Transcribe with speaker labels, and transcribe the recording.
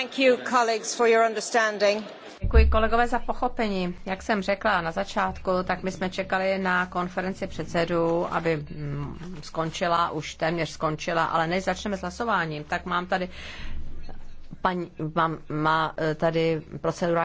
Speaker 1: Děkuji
Speaker 2: kolegové za pochopení. Jak jsem řekla na začátku, tak my jsme čekali na konferenci předsedů, aby mm, skončila, už téměř skončila, ale než začneme s hlasováním, tak mám tady paní, mám, má eh, tady procedura